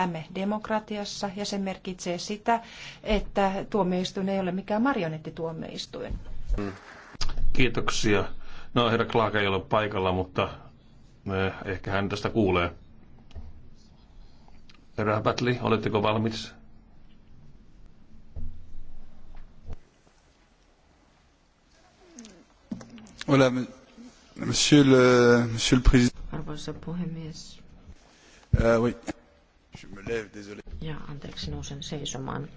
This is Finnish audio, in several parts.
elämme demokratiassa ja se merkitsee sitä, että tuomioistuin ei ole mikään marionettituomioistuin. Kiitoksia. No herra Klaaka ei ole paikalla, mutta eh, ehkä hän tästä kuulee. Herra Batli, oletteko valmis? Voilà, monsieur le, monsieur le président. Arvoisa puhemies. Uh, oui. Ja anteeksi, nousen seisomaan.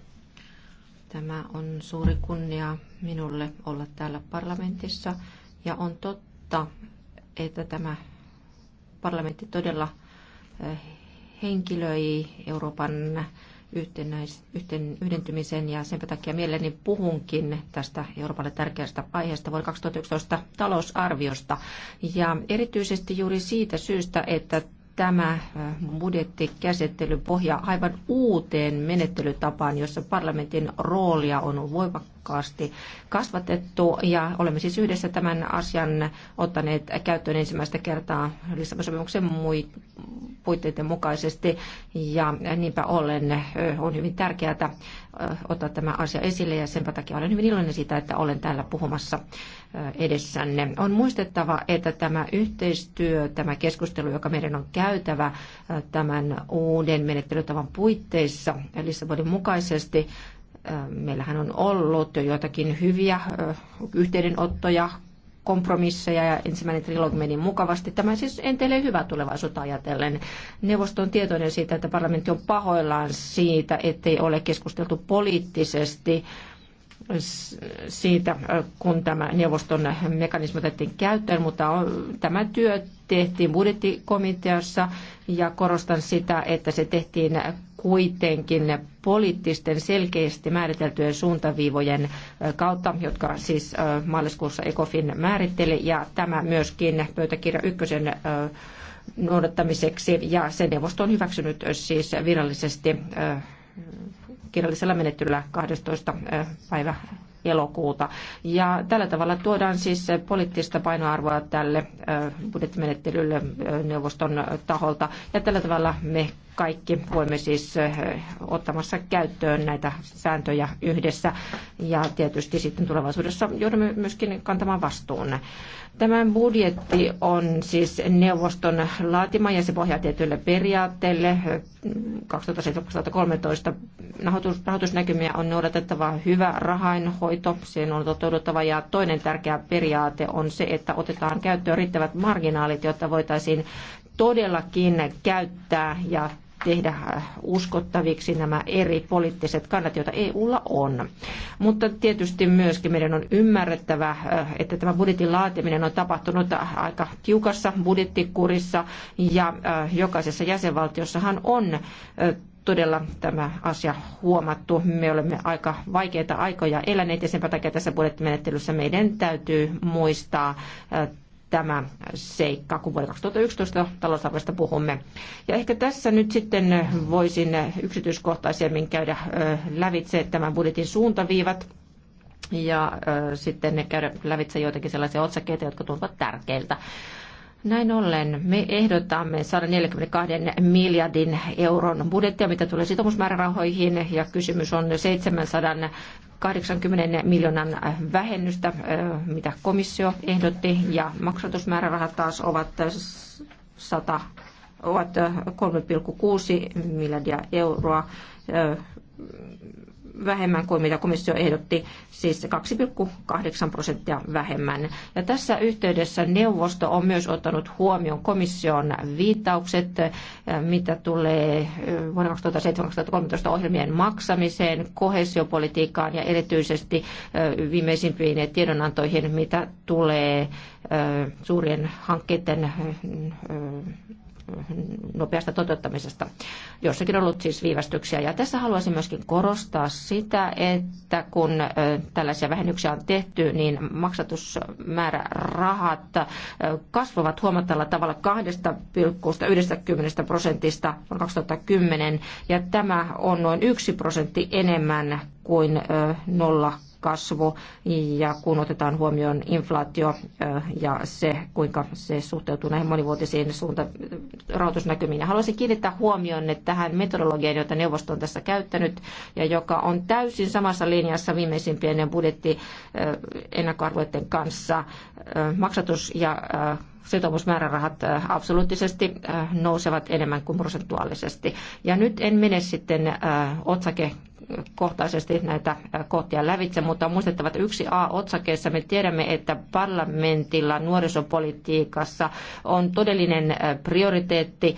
Tämä on suuri kunnia minulle olla täällä parlamentissa. Ja on totta, että tämä parlamentti todella eh, henkilöi Euroopan yhtenäis, yhten, yhdentymisen ja sen takia mieleni puhunkin tästä Euroopalle tärkeästä aiheesta vuoden 2011 talousarviosta. Ja erityisesti juuri siitä syystä, että tämä äh, budjettikäsittely pohjaa aivan uuteen menettelytapaan, jossa parlamentin roolia on voimakkaasti kasvatettu ja olemme siis yhdessä tämän asian ottaneet käyttöön ensimmäistä kertaa lissabon sopimuksen puitteiden mukaisesti ja niinpä ollen on hyvin tärkeää ottaa tämä asia esille ja sen takia olen hyvin iloinen siitä, että olen täällä puhumassa edessänne. On muistettava, että tämä yhteistyö, tämä keskustelu, joka meidän on käytävä tämän uuden menettelytavan puitteissa Lissabonin mukaisesti, Meillähän on ollut jo joitakin hyviä yhteydenottoja, kompromisseja ja ensimmäinen trilogi meni mukavasti. Tämä siis entelee hyvää tulevaisuutta ajatellen. Neuvosto on tietoinen siitä, että parlamentti on pahoillaan siitä, ettei ole keskusteltu poliittisesti siitä, kun tämä neuvoston mekanismi otettiin käyttöön, mutta on, tämä työ tehtiin budjettikomiteassa ja korostan sitä, että se tehtiin kuitenkin poliittisten selkeästi määriteltyjen suuntaviivojen kautta, jotka siis maaliskuussa ECOFIN määritteli, ja tämä myöskin pöytäkirja ykkösen noudattamiseksi, ja se neuvosto on hyväksynyt siis virallisesti kirjallisella menettelyllä 12. päivä elokuuta. Ja tällä tavalla tuodaan siis poliittista painoarvoa tälle budjettimenettelylle neuvoston taholta. Ja tällä tavalla me kaikki voimme siis ottamassa käyttöön näitä sääntöjä yhdessä ja tietysti sitten tulevaisuudessa joudumme myöskin kantamaan vastuun. Tämä budjetti on siis neuvoston laatima ja se pohjaa tietyille periaatteille. 2013 rahoitusnäkymiä on noudatettava hyvä rahainhoito, sen on toteuduttava ja toinen tärkeä periaate on se, että otetaan käyttöön riittävät marginaalit, jotta voitaisiin todellakin käyttää ja tehdä äh, uskottaviksi nämä eri poliittiset kannat, joita EUlla on. Mutta tietysti myöskin meidän on ymmärrettävä, äh, että tämä budjetin laatiminen on tapahtunut aika tiukassa budjettikurissa ja äh, jokaisessa jäsenvaltiossahan on todella tämä asia huomattu. Me olemme aika vaikeita aikoja eläneet ja sen takia tässä budjettimenettelyssä meidän täytyy muistaa tämä seikka, kun vuoden 2011 talousarvoista puhumme. Ja ehkä tässä nyt sitten voisin yksityiskohtaisemmin käydä lävitse tämän budjetin suuntaviivat ja sitten käydä lävitse joitakin sellaisia otsakkeita, jotka tuntuvat tärkeiltä. Näin ollen me ehdotamme 142 miljardin euron budjettia, mitä tulee sitomusmäärärahoihin ja kysymys on 700 80 miljoonan äh, vähennystä, äh, mitä komissio ehdotti, ja maksatusmäärärahat taas ovat 100 äh, ovat 3,6 miljardia euroa vähemmän kuin mitä komissio ehdotti, siis 2,8 prosenttia vähemmän. Ja tässä yhteydessä neuvosto on myös ottanut huomioon komission viittaukset, eh, mitä tulee eh, vuonna 2007-2013 ohjelmien maksamiseen, kohesiopolitiikkaan ja erityisesti eh, viimeisimpiin tiedonantoihin, mitä tulee suurien hankkeiden nopeasta toteuttamisesta. Jossakin on ollut siis viivästyksiä. Ja tässä haluaisin myöskin korostaa sitä, että kun tällaisia vähennyksiä on tehty, niin maksatusmäärärahat kasvavat huomattavalla tavalla 2,90 prosentista vuonna 2010, ja tämä on noin 1 prosentti enemmän kuin 0 kasvu ja kun otetaan huomioon inflaatio ja se, kuinka se suhteutuu näihin monivuotisiin suunta rahoitusnäkymiin. Ja haluaisin kiinnittää huomioon tähän metodologiaan, jota neuvosto on tässä käyttänyt ja joka on täysin samassa linjassa viimeisimpien budjetti ennakkoarvoiden kanssa. Maksatus ja sitoumusmäärärahat absoluuttisesti nousevat enemmän kuin prosentuaalisesti. Ja nyt en mene sitten otsake kohtaisesti näitä kohtia lävitse, mutta on muistettava, että yksi A-otsakeessa me tiedämme, että parlamentilla nuorisopolitiikassa on todellinen prioriteetti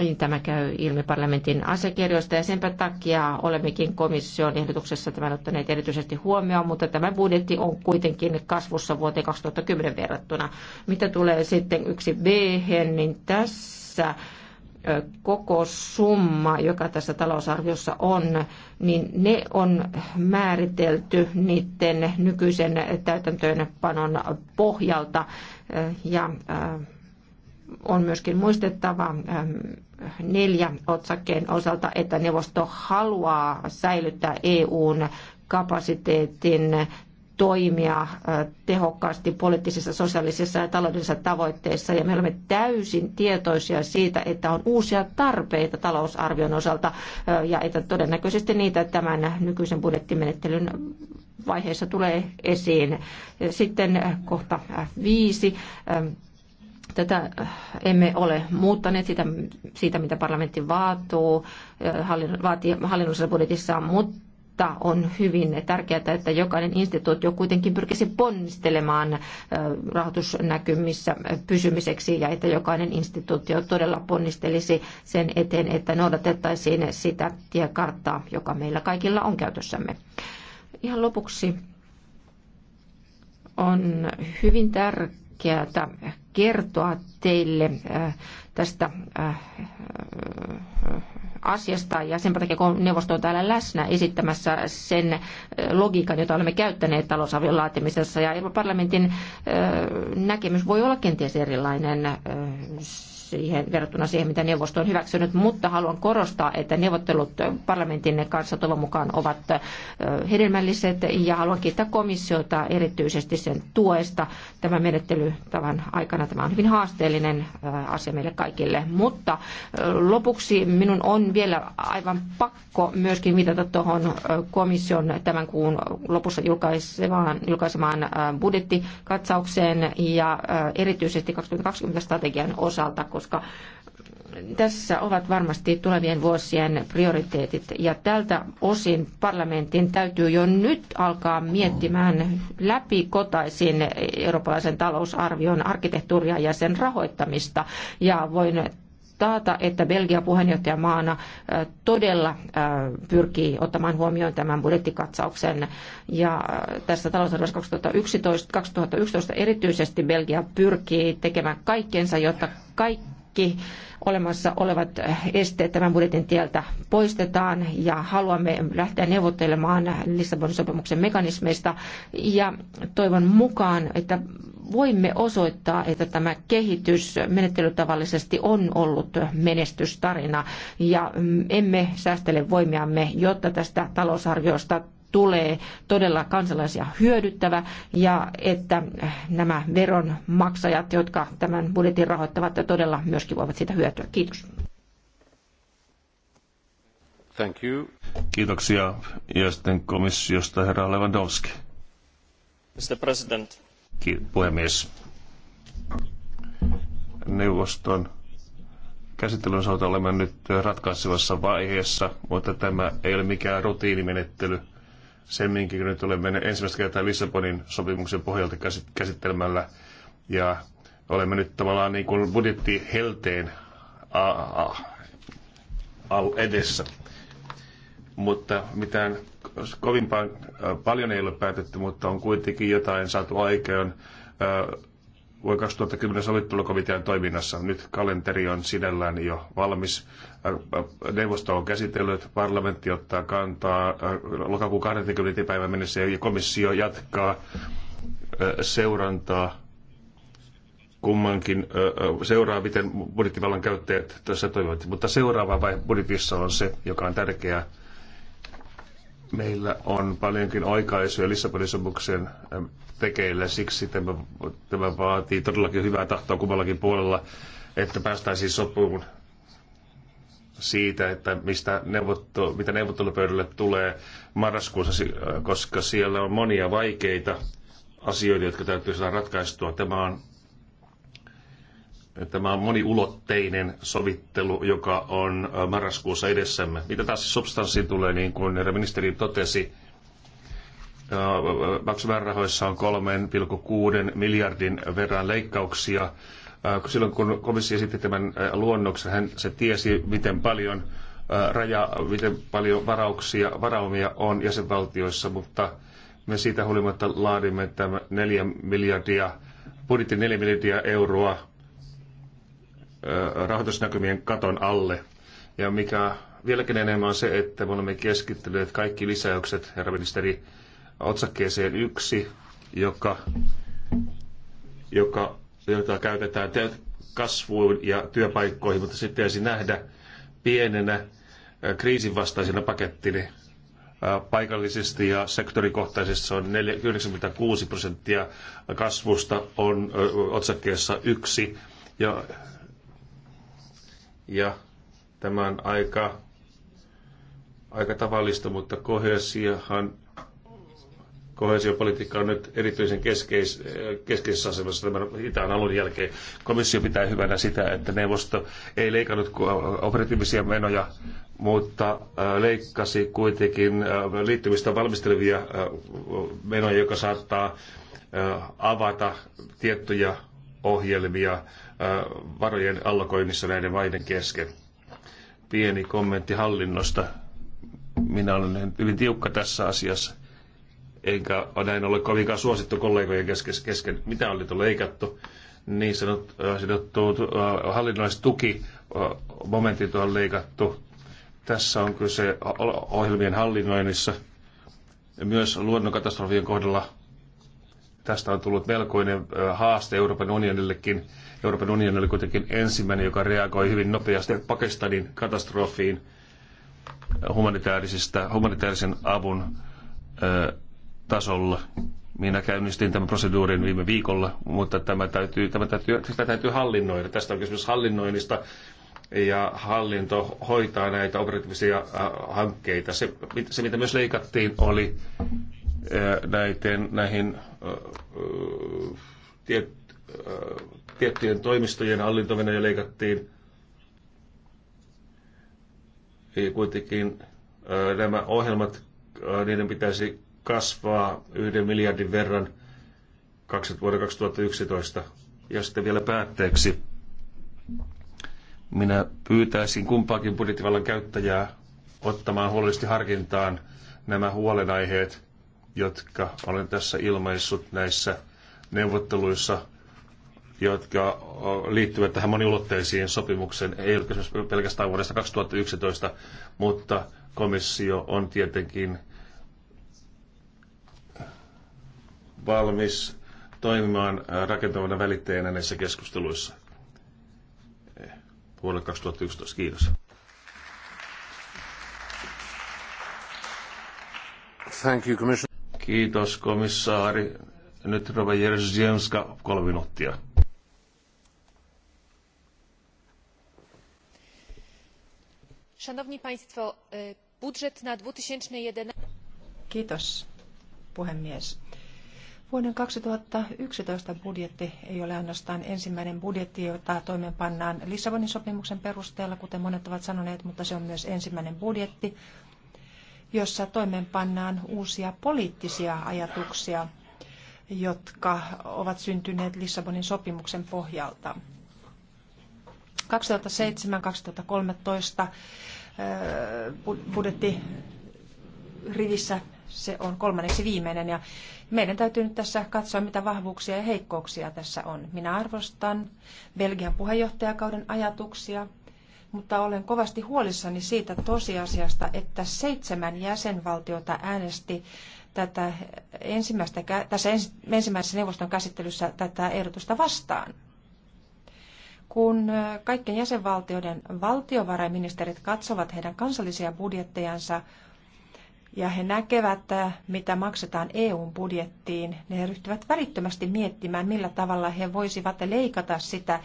niin Tämä käy ilmi parlamentin asiakirjoista ja senpä takia olemmekin komission ehdotuksessa tämän ottaneet erityisesti huomioon, mutta tämä budjetti on kuitenkin kasvussa vuoteen 2010 verrattuna. Mitä tulee sitten yksi b niin tässä koko summa, joka tässä talousarviossa on, niin ne on määritelty niiden nykyisen täytäntöönpanon pohjalta. Ja on myöskin muistettava neljä otsakkeen osalta, että neuvosto haluaa säilyttää EUn kapasiteetin toimia tehokkaasti poliittisissa, sosiaalisissa ja taloudellisissa tavoitteissa. Ja me olemme täysin tietoisia siitä, että on uusia tarpeita talousarvion osalta ja että todennäköisesti niitä tämän nykyisen budjettimenettelyn vaiheessa tulee esiin. Sitten kohta viisi tätä emme ole muuttaneet sitä, siitä, mitä parlamentti vaatuu, hallin, vaatii hallinnollisessa budjetissaan, mutta mutta on hyvin tärkeää, että jokainen instituutio kuitenkin pyrkisi ponnistelemaan rahoitusnäkymissä pysymiseksi ja että jokainen instituutio todella ponnistelisi sen eteen, että noudatettaisiin sitä tiekarttaa, joka meillä kaikilla on käytössämme. Ihan lopuksi on hyvin tärkeää kertoa teille tästä asiasta ja sen takia kun neuvosto on täällä läsnä esittämässä sen logiikan, jota olemme käyttäneet talousarvion laatimisessa. Ja Euroopan parlamentin näkemys voi olla kenties erilainen siihen, verrattuna siihen, mitä neuvosto on hyväksynyt, mutta haluan korostaa, että neuvottelut parlamentin kanssa toivon mukaan ovat hedelmälliset ja haluan kiittää komissiota erityisesti sen tuesta. Tämä tavan aikana tämä on hyvin haasteellinen asia meille kaikille, mutta lopuksi minun on vielä aivan pakko myöskin mitata tuohon komission tämän kuun lopussa julkaisemaan, julkaisemaan budjettikatsaukseen ja erityisesti 2020 strategian osalta, koska tässä ovat varmasti tulevien vuosien prioriteetit. Ja tältä osin parlamentin täytyy jo nyt alkaa miettimään läpi eurooppalaisen talousarvion arkkitehtuuria ja sen rahoittamista. Ja voin taata, että Belgia puheenjohtajamaana äh, todella äh, pyrkii ottamaan huomioon tämän budjettikatsauksen. Ja äh, tässä talousarviossa 2011, 2011 erityisesti Belgia pyrkii tekemään kaikkensa, jotta kaikki kaikki olemassa olevat esteet tämän budjetin tieltä poistetaan ja haluamme lähteä neuvottelemaan Lissabonin sopimuksen mekanismeista ja toivon mukaan, että voimme osoittaa, että tämä kehitys menettelytavallisesti on ollut menestystarina ja mm, emme säästele voimiamme, jotta tästä talousarviosta tulee todella kansalaisia hyödyttävä ja että nämä veronmaksajat, jotka tämän budjetin rahoittavat, todella myöskin voivat siitä hyötyä. Kiitos. Thank you. Kiitoksia. Ja sitten komissiosta herra Lewandowski. Mr. President. Kiitos, puhemies. Neuvoston käsittelyn osalta olemme nyt ratkaisevassa vaiheessa, mutta tämä ei ole mikään rutiinimenettely – semminkin, kun nyt olemme ensimmäistä kertaa Lissabonin sopimuksen pohjalta käsittelemällä ja olemme nyt tavallaan niin kuin budjettihelteen edessä. Mutta mitään kovin paljon ei ole päätetty, mutta on kuitenkin jotain saatu aikaan vuoden 2010 sovittelukomitean toiminnassa. Nyt kalenteri on sinällään jo valmis. Neuvosto on käsitellyt, parlamentti ottaa kantaa äh, lokakuun 20. päivän mennessä ja komissio jatkaa äh, seurantaa kummankin äh, seuraa, miten budjettivallan käyttäjät tässä toimivat. Mutta seuraava vaihe budjetissa on se, joka on tärkeää Meillä on paljonkin oikaisuja Lissabonin sopimuksen ähm, tekeillä, siksi tämä, tämä vaatii todellakin hyvää tahtoa kummallakin puolella, että päästäisiin sopuun siitä, että mistä neuvottelu, mitä neuvottelupöydälle tulee marraskuussa, äh, koska siellä on monia vaikeita asioita, jotka täytyy saada ratkaistua. Tämä on Tämä on moniulotteinen sovittelu, joka on marraskuussa edessämme. Mitä taas substanssiin tulee, niin kuin herra ministeri totesi, maksuväärärahoissa on 3,6 miljardin verran leikkauksia. Silloin kun komissio esitti tämän luonnoksen, hän se tiesi, miten paljon raja, miten paljon varauksia, varaumia on jäsenvaltioissa, mutta me siitä huolimatta laadimme tämän 4 miljardia, budjetin 4 miljardia euroa rahoitusnäkymien katon alle. Ja mikä vieläkin enemmän on se, että me olemme keskittyneet kaikki lisäykset, herra ministeri, otsakkeeseen yksi, joka, joka, jota käytetään kasvuun ja työpaikkoihin, mutta sitten pitäisi nähdä pienenä kriisinvastaisena pakettina paikallisesti ja sektorikohtaisesti se on 96 prosenttia kasvusta on otsakkeessa yksi ja ja tämä on aika, aika tavallista, mutta kohesiohan Kohesiopolitiikka on nyt erityisen keskeis, keskeisessä asemassa tämän itään alun jälkeen. Komissio pitää hyvänä sitä, että neuvosto ei leikannut operatiivisia menoja, mutta äh, leikkasi kuitenkin äh, liittymistä valmistelevia äh, menoja, joka saattaa avata tiettyjä ohjelmia varojen allokoinnissa näiden maiden kesken. Pieni kommentti hallinnosta. Minä olen hyvin tiukka tässä asiassa, enkä näin ole kovinkaan suosittu kollegojen kesken. Mitä on tullut leikattu? Niin sanottu hallinnollinen tuki momentit on leikattu. Tässä on kyse ohjelmien hallinnoinnissa. Myös luonnonkatastrofien kohdalla tästä on tullut melkoinen haaste Euroopan unionillekin. Euroopan unioni oli kuitenkin ensimmäinen, joka reagoi hyvin nopeasti Pakistanin katastrofiin humanitaarisista humanitaarisen avun ö, tasolla. Minä käynnistin tämän proseduurin viime viikolla, mutta tämä täytyy, tämä täytyy, sitä täytyy hallinnoida. Tästä on kysymys hallinnoinnista ja hallinto hoitaa näitä operatiivisia hankkeita. Se, se mitä myös leikattiin, oli näiden, näihin tiet, tiettyjen toimistojen hallintomenoja leikattiin. Ja kuitenkin nämä ohjelmat, niiden pitäisi kasvaa yhden miljardin verran vuoden 2011. Ja sitten vielä päätteeksi minä pyytäisin kumpaakin budjettivallan käyttäjää ottamaan huolellisesti harkintaan nämä huolenaiheet jotka olen tässä ilmaissut näissä neuvotteluissa, jotka liittyvät tähän moniulotteisiin sopimukseen, ei ole kysymys pelkästään vuodesta 2011, mutta komissio on tietenkin valmis toimimaan rakentavana välittäjänä näissä keskusteluissa vuodelle 2011. Kiitos. Thank you, Kiitos komissaari. Nyt Rova Jerzynska, kolme minuuttia. Szanowni Państwo, e, budżet na 2011... Kiitos, puhemies. Vuoden 2011 budjetti ei ole ainoastaan ensimmäinen budjetti, jota toimeenpannaan Lissabonin sopimuksen perusteella, kuten monet ovat sanoneet, mutta se on myös ensimmäinen budjetti, jossa toimeenpannaan uusia poliittisia ajatuksia, jotka ovat syntyneet Lissabonin sopimuksen pohjalta. 2007-2013 budjettirivissä rivissä se on kolmanneksi viimeinen ja meidän täytyy nyt tässä katsoa, mitä vahvuuksia ja heikkouksia tässä on. Minä arvostan Belgian puheenjohtajakauden ajatuksia, mutta olen kovasti huolissani siitä tosiasiasta, että seitsemän jäsenvaltiota äänesti tätä ensimmäistä, tässä ensimmäisessä neuvoston käsittelyssä tätä ehdotusta vastaan. Kun kaikkien jäsenvaltioiden valtiovarainministerit katsovat heidän kansallisia budjettejansa ja he näkevät, mitä maksetaan EUn budjettiin, ne niin ryhtyvät välittömästi miettimään, millä tavalla he voisivat leikata sitä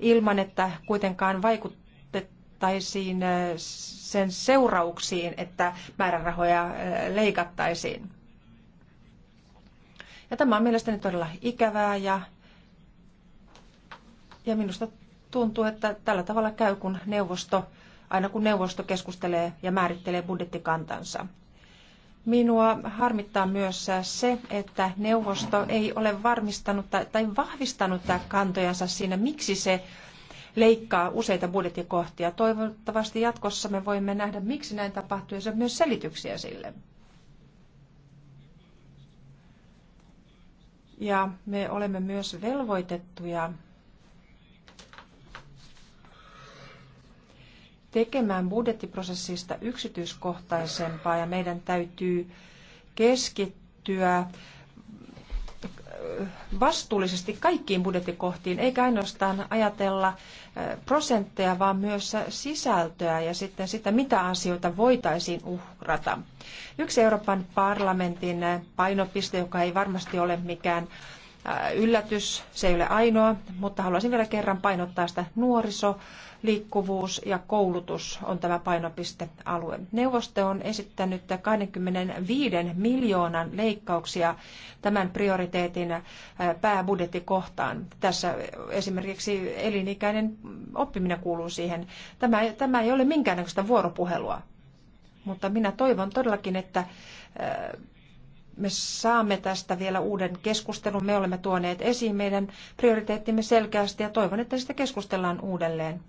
ilman, että kuitenkaan vaikuttaa vastattaisiin sen seurauksiin, että määrärahoja leikattaisiin. Ja tämä on mielestäni todella ikävää ja, ja minusta tuntuu, että tällä tavalla käy, kun neuvosto, aina kun neuvosto keskustelee ja määrittelee budjettikantansa. Minua harmittaa myös se, että neuvosto ei ole varmistanut tai, tai vahvistanut kantojansa siinä, miksi se leikkaa useita budjettikohtia. Toivottavasti jatkossa me voimme nähdä, miksi näin tapahtuu, ja se on myös selityksiä sille. Ja me olemme myös velvoitettuja tekemään budjettiprosessista yksityiskohtaisempaa ja meidän täytyy keskittyä vastuullisesti kaikkiin budjettikohtiin, eikä ainoastaan ajatella prosentteja, vaan myös sisältöä ja sitten sitä, mitä asioita voitaisiin uhrata. Yksi Euroopan parlamentin painopiste, joka ei varmasti ole mikään Äh, yllätys, se ei ole ainoa, mutta haluaisin vielä kerran painottaa sitä nuoriso, liikkuvuus ja koulutus on tämä painopistealue. Neuvosto on esittänyt 25 miljoonan leikkauksia tämän prioriteetin äh, pääbudjettikohtaan. Tässä esimerkiksi elinikäinen oppiminen kuuluu siihen. Tämä, tämä ei ole minkäännäköistä vuoropuhelua, mutta minä toivon todellakin, että äh, me saamme tästä vielä uuden keskustelun. Me olemme tuoneet esiin meidän prioriteettimme selkeästi ja toivon, että sitä keskustellaan uudelleen.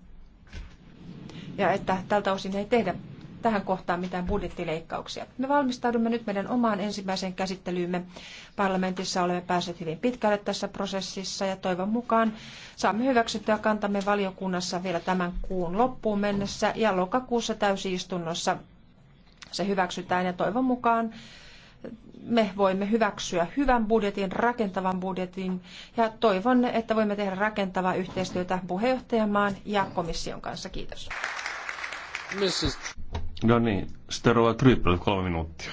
Ja että tältä osin ei tehdä tähän kohtaan mitään budjettileikkauksia. Me valmistaudumme nyt meidän omaan ensimmäiseen käsittelyymme. Parlamentissa olemme päässeet hyvin pitkälle tässä prosessissa ja toivon mukaan saamme hyväksyttyä kantamme valiokunnassa vielä tämän kuun loppuun mennessä ja lokakuussa täysistunnossa se hyväksytään ja toivon mukaan me voimme hyväksyä hyvän budjetin, rakentavan budjetin ja toivon, että voimme tehdä rakentavaa yhteistyötä puheenjohtajamaan ja komission kanssa. Kiitos. No niin, Steroa Tryppel, kolme minuuttia.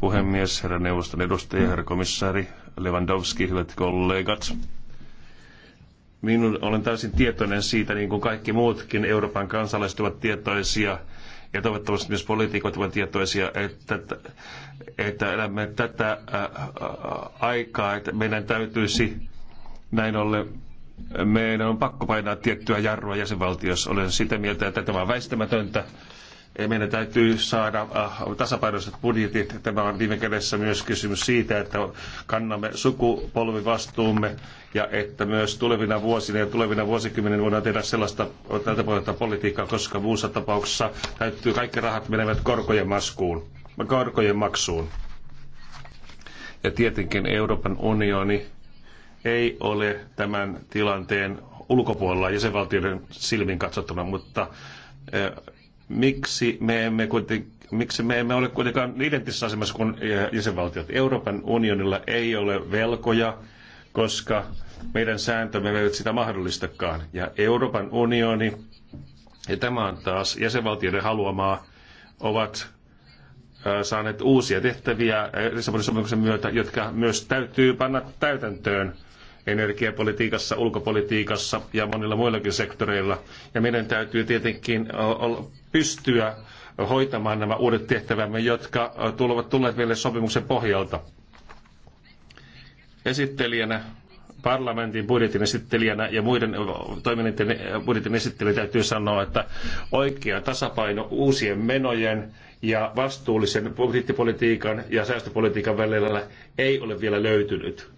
Puhemies, herra neuvoston edustaja, herra komissaari Lewandowski, hyvät kollegat. Minun olen täysin tietoinen siitä, niin kuin kaikki muutkin Euroopan kansalaiset ovat tietoisia ja toivottavasti myös poliitikot ovat tietoisia, että, että elämme tätä äh, äh, aikaa, että meidän täytyisi näin ollen meidän on pakko painaa tiettyä jarrua jäsenvaltiossa. Olen sitä mieltä, että tämä on väistämätöntä meidän täytyy saada äh, tasapainoiset budjetit. Tämä on viime kädessä myös kysymys siitä, että kannamme sukupolvivastuumme ja että myös tulevina vuosina ja tulevina vuosikymmeninä voidaan tehdä sellaista tältä pohjalta politiikkaa, koska muussa tapauksessa täytyy, kaikki rahat menevät korkojen, maskuun, korkojen maksuun. Ja tietenkin Euroopan unioni ei ole tämän tilanteen ulkopuolella jäsenvaltioiden silmin katsottuna, mutta äh, Miksi me emme, kuiten, miksi me emme ole kuitenkaan identtisessä asemassa kuin jäsenvaltiot? Euroopan unionilla ei ole velkoja, koska meidän sääntömme eivät sitä mahdollistakaan. Ja Euroopan unioni, ja tämä on taas jäsenvaltioiden haluamaa, ovat saaneet uusia tehtäviä Lissabonin sopimuksen myötä, jotka myös täytyy panna täytäntöön energiapolitiikassa, ulkopolitiikassa ja monilla muillakin sektoreilla. Ja meidän täytyy tietenkin pystyä hoitamaan nämä uudet tehtävämme, jotka tulevat tulleet meille sopimuksen pohjalta. Esittelijänä parlamentin budjetin esittelijänä ja muiden toiminnan budjetin esittelijänä täytyy sanoa, että oikea tasapaino uusien menojen ja vastuullisen budjettipolitiikan ja säästöpolitiikan välillä ei ole vielä löytynyt.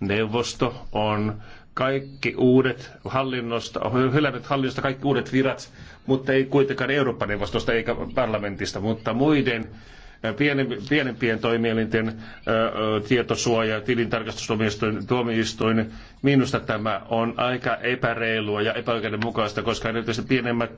Neuvosto on kaikki uudet hallinnosta, hylännyt hallinnosta kaikki uudet virat, mutta ei kuitenkaan Euroopan neuvostosta eikä parlamentista, mutta muiden äh, pienempien toimielinten äh, äh, tietosuoja, tilintarkastustuomioistuin, minusta tämä on aika epäreilua ja epäoikeudenmukaista, koska erityisesti pienemmät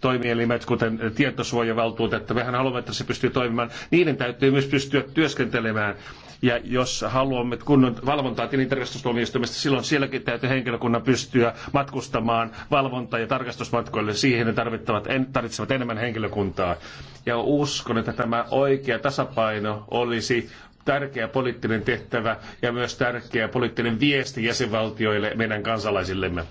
toimielimet, kuten tietosuojavaltuutettu, mehän haluamme, että se pystyy toimimaan, niiden täytyy myös pystyä työskentelemään ja jos haluamme kunnon valvontaa tilintarkastustuomioistuimesta, silloin sielläkin täytyy henkilökunnan pystyä matkustamaan valvonta- ja tarkastusmatkoille. Siihen ne tarvittavat, en, tarvitsevat enemmän henkilökuntaa. Ja uskon, että tämä oikea tasapaino olisi tärkeä poliittinen tehtävä ja myös tärkeä poliittinen viesti jäsenvaltioille, meidän kansalaisillemme.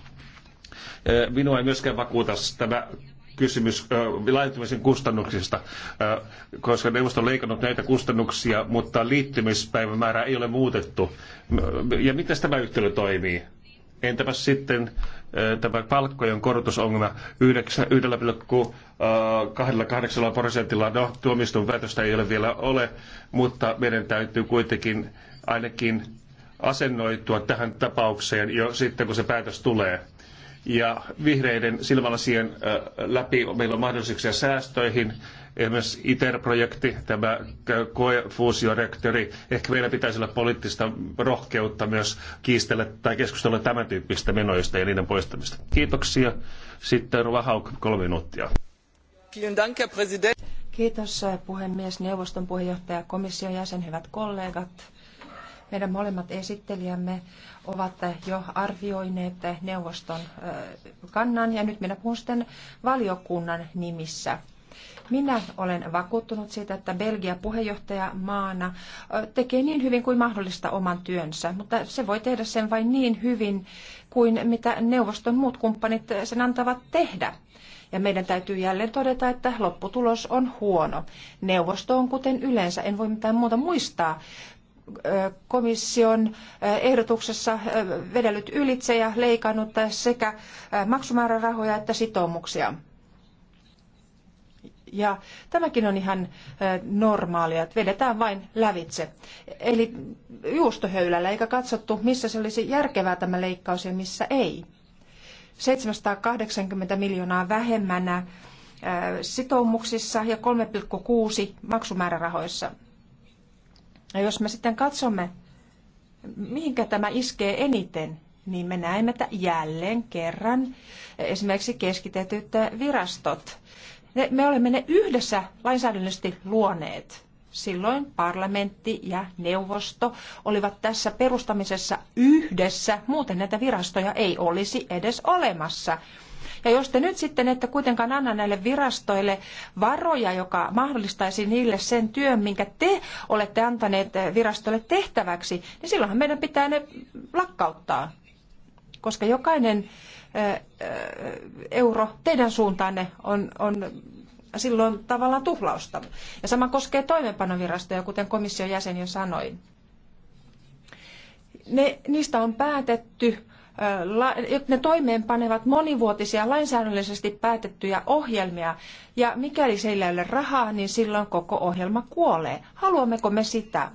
Minua ei myöskään vakuuta tämä kysymys laajentumisen kustannuksista, koska neuvosto on leikannut näitä kustannuksia, mutta liittymispäivämäärää ei ole muutettu. Ja miten tämä yhtälö toimii? Entäpä sitten tämä palkkojen korotusongelma 1,28 prosentilla. No, tuomistun väitöstä ei ole vielä ole, mutta meidän täytyy kuitenkin ainakin asennoitua tähän tapaukseen jo sitten, kun se päätös tulee ja vihreiden silmälasien läpi meillä on mahdollisuuksia säästöihin. Esimerkiksi ITER-projekti, tämä koefuusioreaktori. Ehkä meillä pitäisi olla poliittista rohkeutta myös kiistellä tai keskustella tämän tyyppistä menoista ja niiden poistamista. Kiitoksia. Sitten Ruva kolme minuuttia. Kiitos puhemies, neuvoston puheenjohtaja, komission jäsen, hyvät kollegat meidän molemmat esittelijämme ovat jo arvioineet neuvoston kannan ja nyt minä puhun sitten valiokunnan nimissä. Minä olen vakuuttunut siitä, että Belgia maana tekee niin hyvin kuin mahdollista oman työnsä, mutta se voi tehdä sen vain niin hyvin kuin mitä neuvoston muut kumppanit sen antavat tehdä. Ja meidän täytyy jälleen todeta, että lopputulos on huono. Neuvosto on kuten yleensä, en voi mitään muuta muistaa komission ehdotuksessa vedellyt ylitse ja leikannut sekä maksumäärärahoja että sitoumuksia. Ja tämäkin on ihan normaalia, että vedetään vain lävitse. Eli juustohöylällä eikä katsottu, missä se olisi järkevää tämä leikkaus ja missä ei. 780 miljoonaa vähemmän sitoumuksissa ja 3,6 maksumäärärahoissa. Ja jos me sitten katsomme, mihinkä tämä iskee eniten, niin me näemme, että jälleen kerran esimerkiksi keskitetyt virastot, ne, me olemme ne yhdessä lainsäädännöllisesti luoneet. Silloin parlamentti ja neuvosto olivat tässä perustamisessa yhdessä, muuten näitä virastoja ei olisi edes olemassa. Ja jos te nyt sitten ette kuitenkaan anna näille virastoille varoja, joka mahdollistaisi niille sen työn, minkä te olette antaneet virastolle tehtäväksi, niin silloinhan meidän pitää ne lakkauttaa. Koska jokainen euro teidän suuntaanne on, on silloin tavallaan tuhlausta. Ja sama koskee toimeenpanovirastoja, kuten komission jäsen jo sanoi. Ne, niistä on päätetty ne toimeenpanevat monivuotisia lainsäädännöllisesti päätettyjä ohjelmia, ja mikäli sillä ei ole rahaa, niin silloin koko ohjelma kuolee. Haluammeko me sitä?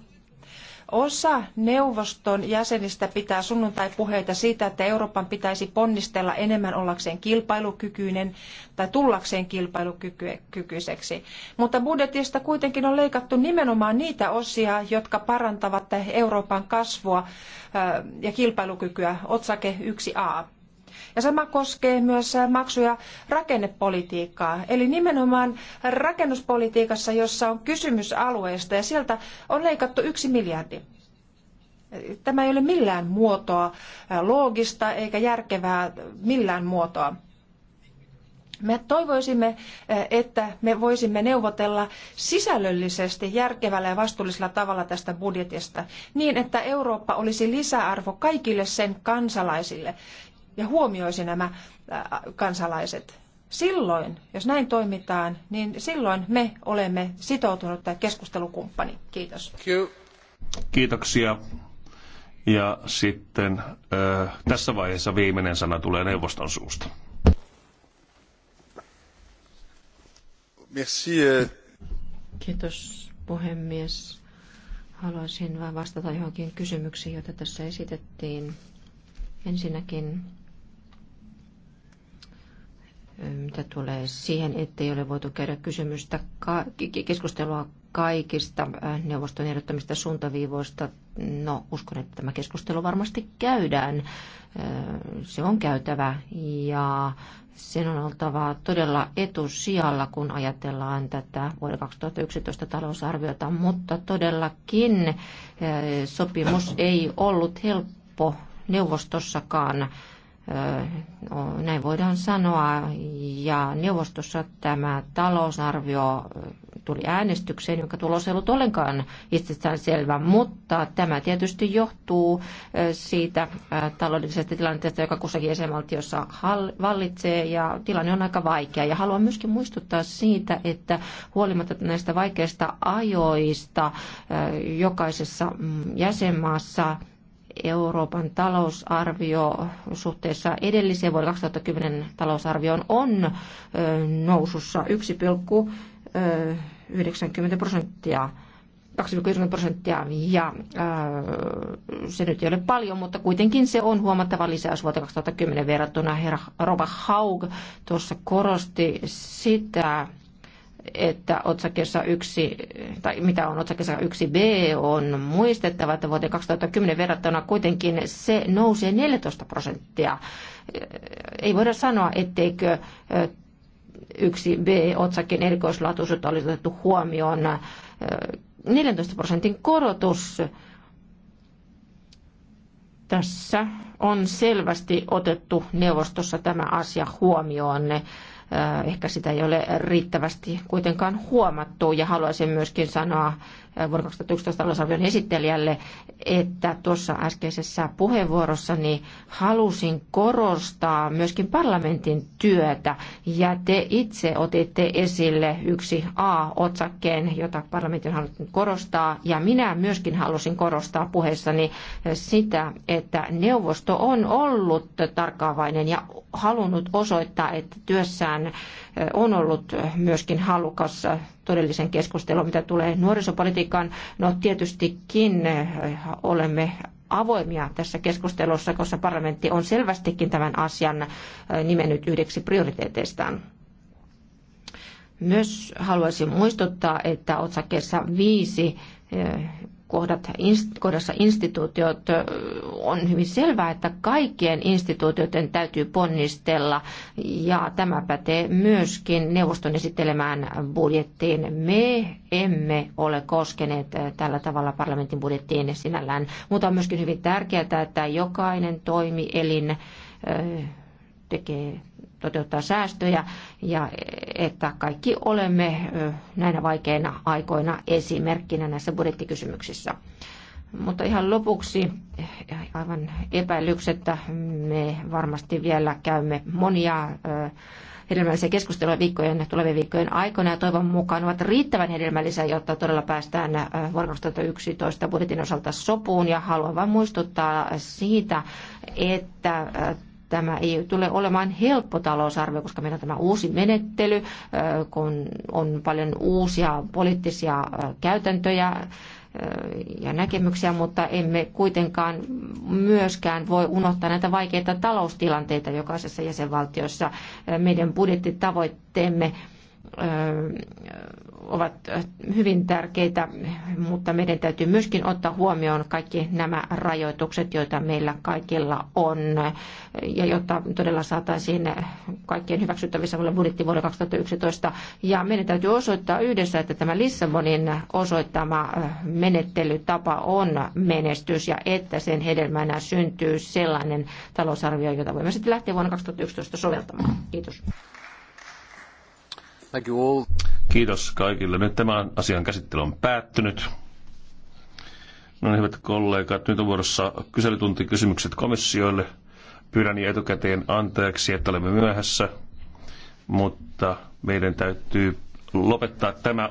Osa neuvoston jäsenistä pitää sunnuntai-puheita siitä, että Euroopan pitäisi ponnistella enemmän ollakseen kilpailukykyinen tai tullakseen kilpailukykyiseksi. Mutta budjetista kuitenkin on leikattu nimenomaan niitä osia, jotka parantavat Euroopan kasvua ja kilpailukykyä, otsake 1a. Ja sama koskee myös äh, maksuja rakennepolitiikkaa. Eli nimenomaan rakennuspolitiikassa, jossa on kysymys alueesta ja sieltä on leikattu yksi miljardi. Tämä ei ole millään muotoa äh, loogista eikä järkevää millään muotoa. Me toivoisimme, äh, että me voisimme neuvotella sisällöllisesti järkevällä ja vastuullisella tavalla tästä budjetista niin, että Eurooppa olisi lisäarvo kaikille sen kansalaisille ja huomioisi nämä äh, kansalaiset. Silloin, jos näin toimitaan, niin silloin me olemme sitoutunut tämä keskustelukumppani. Kiitos. Kiitoksia. Ja sitten äh, tässä vaiheessa viimeinen sana tulee neuvoston suusta. Merci. Äh. Kiitos puhemies. Haluaisin vain vastata johonkin kysymyksiin, joita tässä esitettiin. Ensinnäkin mitä tulee siihen, ettei ole voitu käydä kysymystä, keskustelua kaikista neuvoston ehdottamista suuntaviivoista. No, uskon, että tämä keskustelu varmasti käydään. Se on käytävä ja sen on oltava todella etusijalla, kun ajatellaan tätä vuoden 2011 talousarviota, mutta todellakin sopimus ei ollut helppo neuvostossakaan No, näin voidaan sanoa. Ja neuvostossa tämä talousarvio tuli äänestykseen, jonka tulos ei ollut ollenkaan itsestään selvä, mutta tämä tietysti johtuu siitä taloudellisesta tilanteesta, joka kussakin jäsenvaltiossa vallitsee ja tilanne on aika vaikea. Ja haluan myöskin muistuttaa siitä, että huolimatta näistä vaikeista ajoista jokaisessa mm, jäsenmaassa Euroopan talousarvio suhteessa edelliseen vuoden 2010 talousarvioon on nousussa 1,90 prosenttia 2,9 prosenttia ja se nyt ei ole paljon, mutta kuitenkin se on huomattava lisäys vuoteen 2010 verrattuna. Herra Robert Haug tuossa korosti sitä, että otsakessa yksi tai mitä on otsakessa 1b, on muistettava, että vuoteen 2010 verrattuna kuitenkin se nousee 14 prosenttia. Ei voida sanoa, etteikö 1b-otsakkeen erikoislaatuisuus olisi otettu huomioon. 14 prosentin korotus tässä on selvästi otettu neuvostossa tämä asia huomioon. Äh, ehkä sitä ei ole riittävästi kuitenkaan huomattu ja haluaisin myöskin sanoa vuoden 2011 talousarvion esittelijälle, että tuossa äskeisessä puheenvuorossani halusin korostaa myöskin parlamentin työtä ja te itse otitte esille yksi A-otsakkeen, jota parlamentin halusin korostaa ja minä myöskin halusin korostaa puheessani sitä, että neuvosto on ollut tarkkaavainen ja halunnut osoittaa, että työssään on ollut myöskin halukas todellisen keskustelun, mitä tulee nuorisopolitiikkaan. No tietystikin olemme avoimia tässä keskustelussa, koska parlamentti on selvästikin tämän asian nimennyt yhdeksi prioriteeteistaan. Myös haluaisin muistuttaa, että otsakkeessa viisi kohdat, kohdassa instituutiot, on hyvin selvää, että kaikkien instituutioiden täytyy ponnistella ja tämä pätee myöskin neuvoston esittelemään budjettiin. Me emme ole koskeneet tällä tavalla parlamentin budjettiin sinällään, mutta on myöskin hyvin tärkeää, että jokainen toimielin tekee toteuttaa säästöjä ja että kaikki olemme näinä vaikeina aikoina esimerkkinä näissä budjettikysymyksissä. Mutta ihan lopuksi, eh, aivan epäilyksettä, me varmasti vielä käymme monia hedelmällisiä keskusteluja viikkojen, tulevien viikkojen aikana ja toivon mukaan ovat riittävän hedelmällisiä, jotta todella päästään vuonna 2011 budjetin osalta sopuun ja haluan vain muistuttaa siitä, että tämä ei tule olemaan helppo talousarvio, koska meillä on tämä uusi menettely, kun on paljon uusia poliittisia käytäntöjä ja näkemyksiä, mutta emme kuitenkaan myöskään voi unohtaa näitä vaikeita taloustilanteita jokaisessa jäsenvaltiossa. Meidän budjettitavoitteemme ovat hyvin tärkeitä, mutta meidän täytyy myöskin ottaa huomioon kaikki nämä rajoitukset, joita meillä kaikilla on. Ja jotta todella saataisiin kaikkien hyväksyttävissä oleva budjetti vuonna 2011. Ja meidän täytyy osoittaa yhdessä, että tämä Lissabonin osoittama menettelytapa on menestys ja että sen hedelmänä syntyy sellainen talousarvio, jota voimme sitten lähteä vuonna 2011 soveltamaan. Kiitos. Thank you all. Kiitos kaikille. Nyt tämän asian käsittely on päättynyt. No niin, hyvät kollegat, nyt on vuorossa kyselytuntikysymykset komissioille. Pyydän etukäteen anteeksi, että olemme myöhässä, mutta meidän täytyy lopettaa tämä